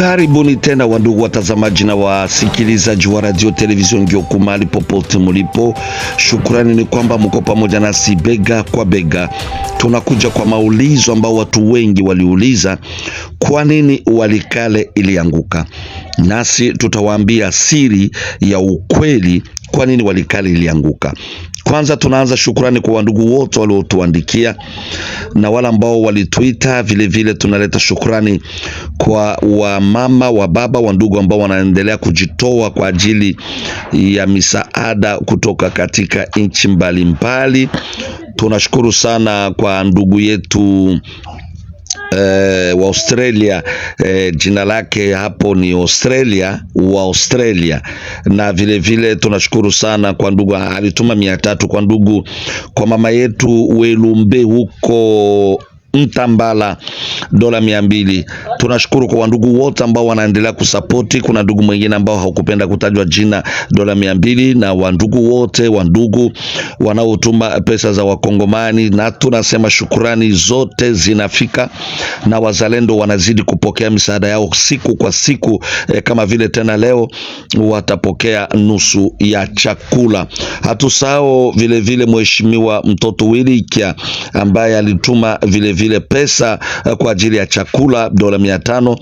Karibuni tena wandugu watazamaji na wasikilizaji wa radio television Ngyoku mahali popote mulipo, shukrani ni kwamba mko pamoja nasi bega kwa bega. Tunakuja kwa maulizo ambao watu wengi waliuliza, kwa nini Walikale ilianguka? Nasi tutawaambia siri ya ukweli, kwa nini Walikale ilianguka. Kwanza tunaanza shukrani kwa wandugu wote waliotuandikia na wale ambao walituita. Vilevile tunaleta shukurani kwa wamama, wa baba, wandugu ambao wanaendelea kujitoa kwa ajili ya misaada kutoka katika nchi mbalimbali. Tunashukuru sana kwa ndugu yetu eh, wa Australia eh, jina lake hapo ni Australia wa Australia. Na vilevile vile tunashukuru sana kwa ndugu alituma mia tatu kwa ndugu kwa mama yetu Welumbe huko Mtambala dola mia mbili. Tunashukuru kwa wandugu wote ambao wanaendelea kusapoti. Kuna ndugu mwingine ambao haukupenda kutajwa jina, dola mia mbili, na wandugu wote wandugu wanaotuma pesa za Wakongomani, na tunasema shukurani zote zinafika, na wazalendo wanazidi kupokea misaada yao siku kwa siku. E, kama vile tena leo watapokea nusu ya chakula. Hatusao vile vile mheshimiwa mtoto Wilikya ambaye alituma vile vile pesa eh, kwa ajili ya chakula dola mia tano.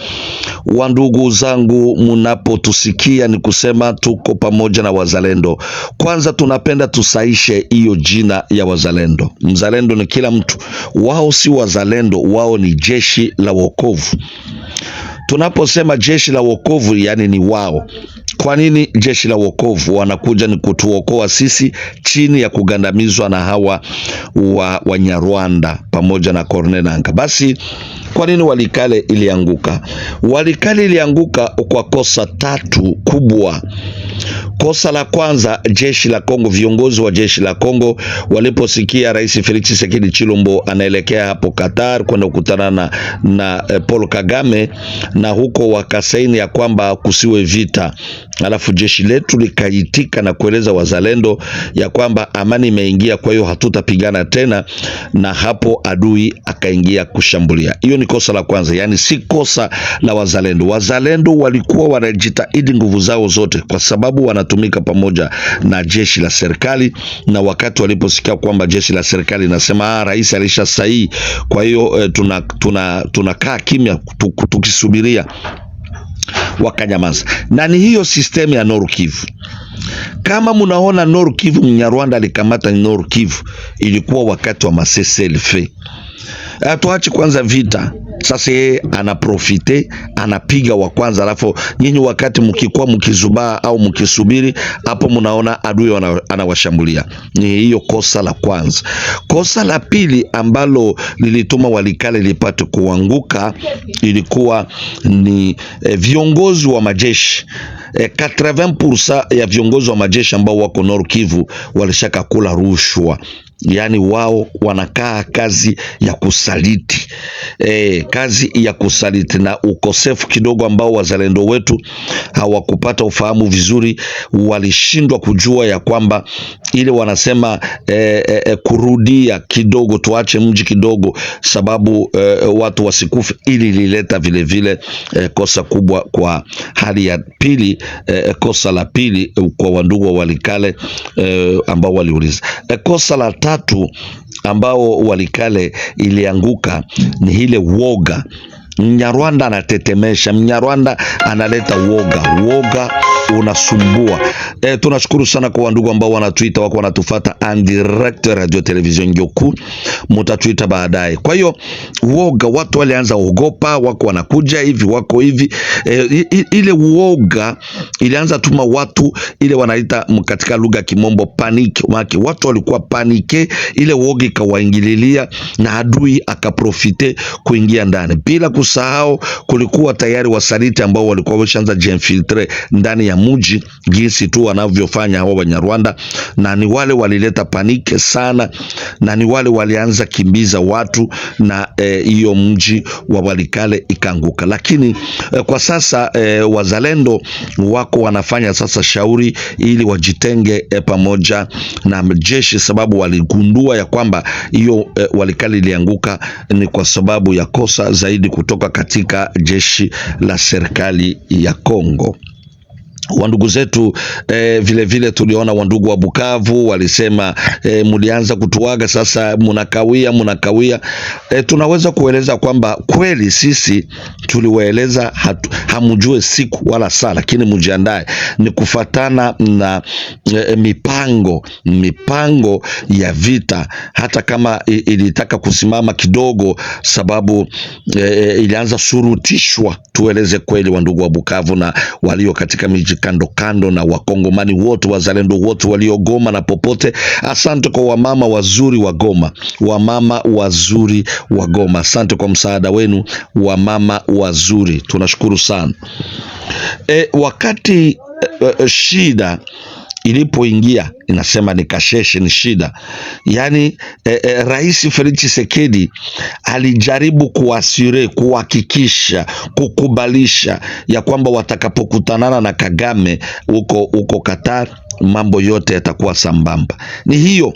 Wandugu zangu, mnapotusikia ni kusema tuko pamoja na wazalendo. Kwanza tunapenda tusaishe hiyo jina ya wazalendo. Mzalendo ni kila mtu, wao si wazalendo, wao ni jeshi la wokovu. Tunaposema jeshi la wokovu, yani ni wao kwa nini jeshi la wokovu wanakuja? Ni kutuokoa sisi chini ya kugandamizwa na hawa wa Wanyarwanda pamoja na Corneille Nanga. Basi kwa nini Walikale ilianguka? Walikale ilianguka kwa kosa tatu kubwa. Kosa la kwanza, jeshi la Kongo, viongozi wa jeshi la Kongo waliposikia Rais Felix Tshisekedi Chilombo anaelekea hapo Qatar kwenda kukutana na, na eh, Paul Kagame, na huko wakasaini ya kwamba kusiwe vita alafu jeshi letu likaitika na kueleza wazalendo ya kwamba amani imeingia, kwa hiyo hatutapigana tena, na hapo adui akaingia kushambulia. Hiyo ni kosa la kwanza, yaani si kosa la wazalendo. Wazalendo walikuwa wanajitahidi nguvu zao zote, kwa sababu wanatumika pamoja na jeshi la serikali, na wakati waliposikia kwamba jeshi la serikali ah, rais alisha sahihi, kwa hiyo eh, tunakaa tuna, tuna kimya tukisubiria wakanyamaza, na ni hiyo sistemu ya Nord Kivu. Kama mnaona Nord Kivu, Mnyarwanda alikamata Nord Kivu, ilikuwa wakati wa masese elfe. Hatuachi kwanza vita sasa yeye anaprofite anapiga wa kwanza, alafu nyinyi wakati mkikuwa mkizubaa au mkisubiri, hapo mnaona adui anawashambulia. Ni hiyo kosa la kwanza. Kosa la pili ambalo lilituma Walikale lipate kuanguka ilikuwa ni eh, viongozi wa majeshi 80% eh, ya viongozi wa majeshi ambao wako Nord Kivu walishaka kula rushwa yaani wao wanakaa kazi ya kusaliti e, kazi ya kusaliti na ukosefu kidogo ambao wazalendo wetu hawakupata ufahamu vizuri, walishindwa kujua ya kwamba ile wanasema e, e, e kurudia kidogo, tuache mji kidogo, sababu e, watu wasikufu ili lileta vilevile e, kosa kubwa kwa hali ya pili e, e, kosa la pili kwa wandugu wa Walikale e, ambao waliuliza e, kosa la tatu ambao Walikale ilianguka ni ile woga Mnyarwanda anatetemesha, Mnyarwanda analeta woga woga unasumbua. E, tunashukuru sana kwa wandugu ambao wanatuita wako wanatufata en direct radio television Ngyoku, mutatuita baadaye. Kwa hiyo uoga, watu walianza ogopa, wako wanakuja hivi, wako hivi. E, ile uoga ilianza tuma watu ile wanaita katika lugha ya kimombo panic, maki watu walikuwa panike, ile uoga ikawaingililia na adui akaprofite kuingia ndani, bila kusahau kulikuwa tayari wasaliti ambao walikuwa wameshaanza jinfiltre ndani ya mji jinsi tu wanavyofanya hao Wanyarwanda, na ni wale walileta panike sana, na ni wale walianza kimbiza watu na eh, hiyo e, mji wa Walikale ikaanguka. Lakini e, kwa sasa e, wazalendo wako wanafanya sasa shauri ili wajitenge e, pamoja na jeshi, sababu waligundua ya kwamba hiyo e, Walikale ilianguka ni kwa sababu ya kosa zaidi kutoka katika jeshi la serikali ya Kongo wandugu zetu eh, vile vile tuliona wandugu wa Bukavu walisema eh, mulianza kutuaga sasa, munakawia munakawia. Eh, tunaweza kueleza kwamba kweli sisi tuliwaeleza hamujue siku wala saa, lakini mujiandae, ni kufatana na eh, mipango mipango ya vita, hata kama ilitaka kusimama kidogo sababu eh, ilianza surutishwa. Tueleze kweli wandugu wa Bukavu na walio katika miji kando kando, na wakongomani wote wazalendo wote waliogoma na popote. Asante kwa wamama wazuri wa Goma, wamama wazuri wa Goma, asante kwa msaada wenu wamama wazuri, tunashukuru sana. E, wakati e, e, shida ilipoingia inasema ni kasheshe, ni shida. Yaani e, e, Rais Felix Tshisekedi alijaribu kuasire, kuhakikisha, kukubalisha ya kwamba watakapokutanana na Kagame huko huko Qatar mambo yote yatakuwa sambamba. Ni hiyo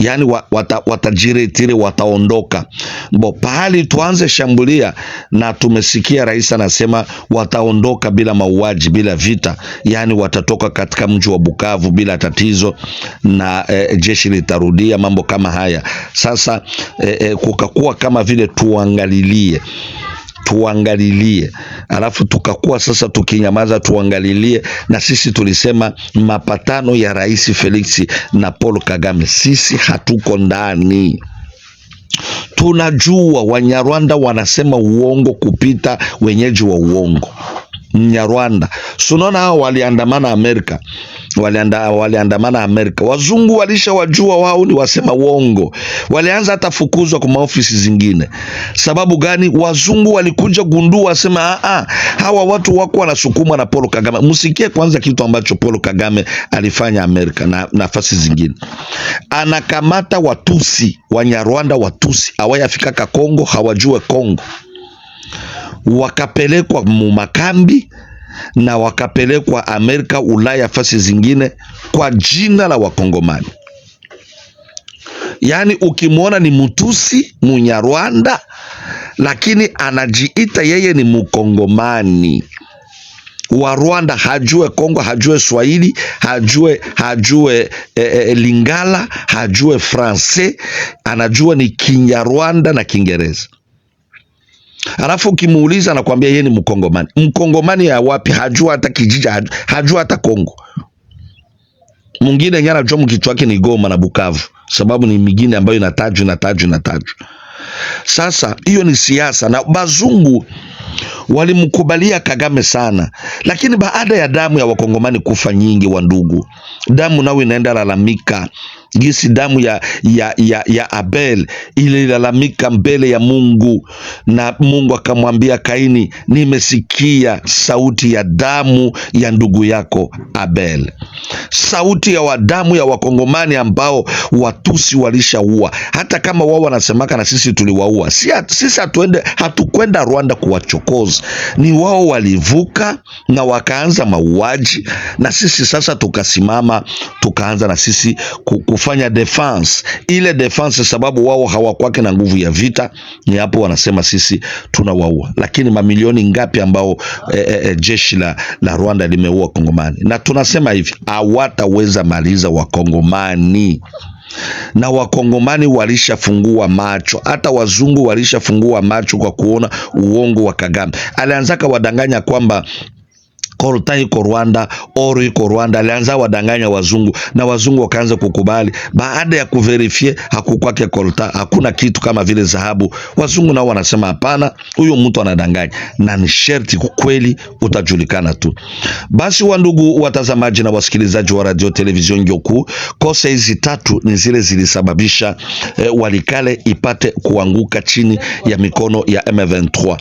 yani wata, watajiretire wataondoka bo pahali tuanze shambulia, na tumesikia rais anasema wataondoka bila mauaji, bila vita, yani watatoka katika mji wa Bukavu bila tatizo, na e, jeshi litarudia mambo kama haya. Sasa e, e, kukakuwa kama vile tuangalilie tuangalilie, alafu tukakuwa sasa tukinyamaza tuangalilie. Na sisi tulisema mapatano ya Rais Felix na Paul Kagame, sisi hatuko ndani tunajua Wanyarwanda wanasema uongo kupita wenyeji wa uongo. Mnyarwanda. Sunaona hao waliandamana Amerika, walianda, waliandamana Amerika. Wazungu walisha wajua wao ni wasema uongo, walianza hata fukuzwa kwa maofisi zingine. Sababu gani? Wazungu walikuja gundua, wasema a, ah, ah, hawa watu wako wanasukumwa na Paul Kagame. Msikie kwanza kitu ambacho Paul Kagame alifanya Amerika na nafasi zingine, anakamata Watusi Wanyarwanda, Watusi hawayafikaka Kongo, hawajue Kongo wakapelekwa mumakambi na wakapelekwa Amerika, Ulaya, fasi zingine kwa jina la Wakongomani. Yaani ukimwona ni Mtusi, Munyarwanda, lakini anajiita yeye ni Mkongomani wa Rwanda hajue Kongo, hajue Swahili, hajue hajue e, e, Lingala, hajue Francais, anajua ni Kinyarwanda na Kiingereza alafu ukimuuliza anakuambia yeye ni Mkongomani. Mkongomani ya wapi? Hajua hata kijiji, hajua hata Kongo. Mwingine nyana anajua mkichwa wake ni Goma na Bukavu, sababu ni migine ambayo inatajwa inatajwa inatajwa. Sasa hiyo ni siasa, na bazungu walimkubalia Kagame sana, lakini baada ya damu ya wakongomani kufa nyingi, wa ndugu, damu nao inaenda lalamika gisi damu ya, ya, ya, ya Abel ililalamika mbele ya Mungu, na Mungu akamwambia Kaini, nimesikia sauti ya damu ya ndugu yako Abel, sauti ya wadamu ya wakongomani ambao watusi walishaua. Hata kama wao wanasemaka na sisi tuliwaua, si, sisi hatuende, hatukwenda Rwanda kuwachokoza, ni wao walivuka na wakaanza mauaji, na sisi sasa tukasimama tukaanza na sisi kuku kufanya defense. Ile defense sababu wao hawakwake na nguvu ya vita, ni hapo wanasema sisi tunawaua. Lakini mamilioni ngapi ambao e, e, jeshi la, la Rwanda limeua Kongomani, na tunasema hivi hawataweza maliza Wakongomani na wakongomani walishafungua macho, hata wazungu walishafungua macho kwa kuona uongo wa Kagame. Alianzaka wadanganya kwamba Korta iko Rwanda, Oru iko Rwanda. Alianza wadanganya wazungu na wazungu wakaanza kukubali. Baada ya kuverifie hakukwake korta, hakuna kitu kama vile dhahabu. Wazungu nao wanasema hapana, huyo mtu anadanganya, na ni sherti kweli utajulikana tu. Basi wandugu watazamaji na wasikilizaji wa radio television Ngyoku, kosa hizi tatu ni zile zilisababisha eh, Walikale ipate kuanguka chini ya mikono ya M23.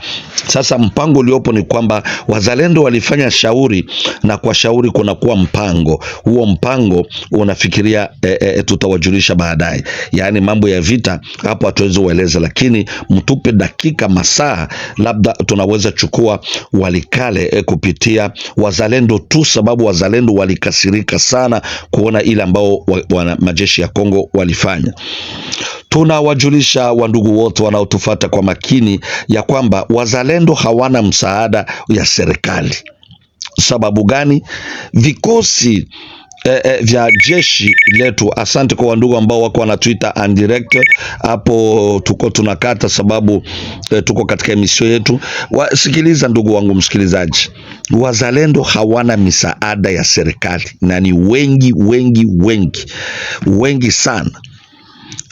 Sasa mpango uliopo ni kwamba wazalendo walifanya kuwashauri na kuwashauri kunakuwa mpango huo, mpango unafikiria e, e, tutawajulisha baadaye. Yaani mambo ya vita hapo hatuwezi ueleza, lakini mtupe dakika masaa, labda tunaweza chukua Walikale e, kupitia wazalendo tu, sababu wazalendo walikasirika sana kuona ile ambao wa, wana majeshi ya Kongo walifanya. Tunawajulisha wandugu wote wanaotufata kwa makini ya kwamba wazalendo hawana msaada ya serikali sababu gani? Vikosi eh, eh, vya jeshi letu. Asante kwa wandugu ambao wako wana Twitter and direct hapo, tuko tunakata sababu eh, tuko katika emisio yetu. Wasikiliza ndugu wangu msikilizaji, wazalendo hawana misaada ya serikali na ni wengi wengi wengi wengi sana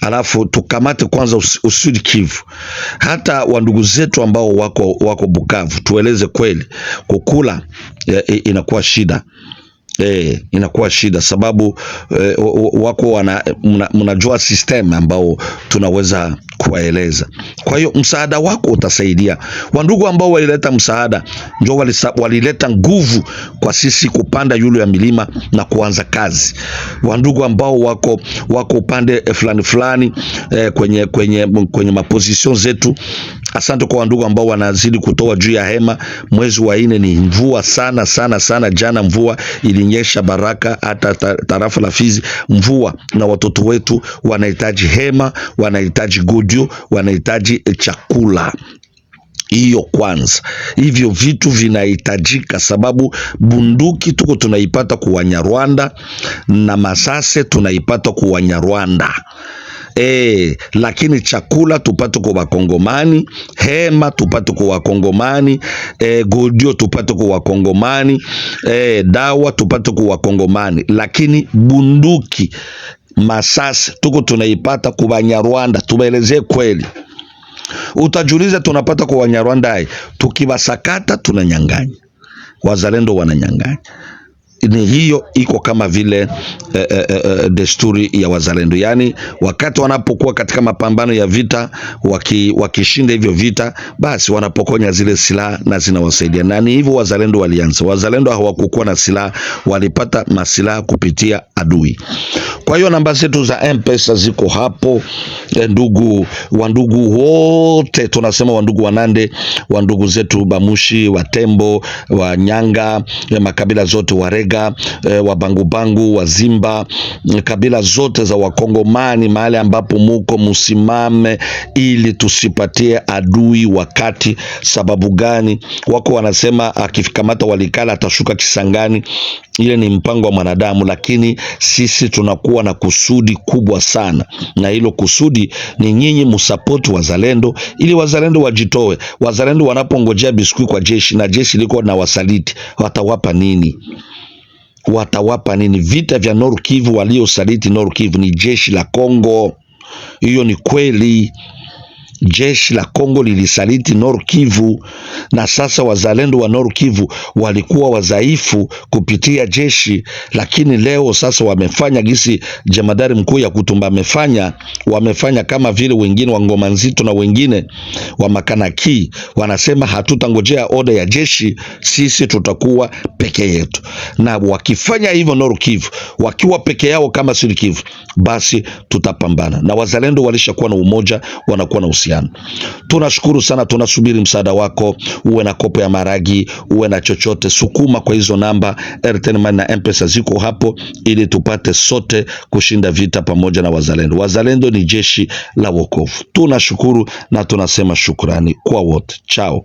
alafu tukamate kwanza usud Kivu, hata wandugu zetu ambao wako, wako Bukavu, tueleze kweli kukula e, e, inakuwa shida e, inakuwa shida sababu e, wako wana mnajua system ambao tunaweza kuwaeleza. Kwa hiyo msaada wako utasaidia. Wandugu ambao walileta msaada ndio walileta nguvu kwa sisi kupanda yule ya milima na kuanza kazi. Wandugu ambao wako wako upande eh, fulani fulani eh, kwenye, kwenye, kwenye maposition zetu. Asante kwa wandugu ambao wanazidi kutoa juu ya hema. Mwezi wa nne ni mvua sana sana sana. Jana mvua ilinyesha baraka hata tarafa la Fizi, mvua na watoto wetu wanahitaji hema, wanahitaji good juu wanahitaji chakula hiyo kwanza. Hivyo vitu vinahitajika, sababu bunduki tuko tunaipata kuwanya Wanyarwanda na masase tunaipata ku Wanyarwanda. E, lakini chakula tupate kwa Wakongomani, hema tupate kwa Wakongomani, e, godio tupate kwa Wakongomani, e, dawa tupate kwa Wakongomani, lakini bunduki masasi tuko tunaipata ku Banyarwanda, tubaelezee kweli. Utajiuliza, tunapata kwa Wanyarwanda tukibasakata tunanyang'anya, wazalendo wananyang'anya ni hiyo iko kama vile eh, eh, eh, eh, desturi ya wazalendo, yaani wakati wanapokuwa katika mapambano ya vita waki, wakishinda hivyo vita, basi wanapokonya zile silaha na zinawasaidia, na ni hivyo wazalendo walianza. Wazalendo hawakukuwa na silaha, walipata masilaha kupitia adui. Kwa hiyo namba zetu za mpesa ziko hapo, eh, ndugu wandugu wote tunasema wandugu Wanande, wandugu zetu Bamushi, Watembo, Wanyanga, eh, makabila zote Warega Wachaga, e, eh, Wabangubangu, Wazimba, mm, kabila zote za Wakongomani, mahali ambapo muko musimame, ili tusipatie adui wakati. Sababu gani? Wako wanasema akikamata Walikale atashuka Kisangani. Ile ni mpango wa mwanadamu, lakini sisi tunakuwa na kusudi kubwa sana, na hilo kusudi ni nyinyi musapoti wazalendo, ili wazalendo wajitoe. Wazalendo wanapongojea biskuti kwa jeshi na jeshi liko na wasaliti, watawapa nini? watawapa nini? Vita vya Nord Kivu, waliosaliti Nord Kivu ni jeshi la Kongo. Hiyo ni kweli jeshi la Kongo lilisaliti Nord Kivu, na sasa wazalendo wa Nord Kivu walikuwa wadhaifu kupitia jeshi, lakini leo sasa wamefanya gisi jemadari mkuu ya Kutumba amefanya, wamefanya kama vile wengine wa ngoma nzito na wengine wa makanaki wanasema, hatutangojea oda ya jeshi, sisi tutakuwa peke yetu. Na wakifanya hivyo Nord Kivu wakiwa peke yao kama Sud Kivu, basi tutapambana. Na wazalendo walishakuwa na umoja, wanakuwa na usia. Sudan. Tunashukuru sana, tunasubiri msaada wako, uwe na kopo ya maragi, uwe na chochote, sukuma kwa hizo namba Airtel Money na Mpesa ziko hapo, ili tupate sote kushinda vita pamoja na wazalendo. Wazalendo ni jeshi la wokovu. Tunashukuru na tunasema shukrani kwa wote. Chao.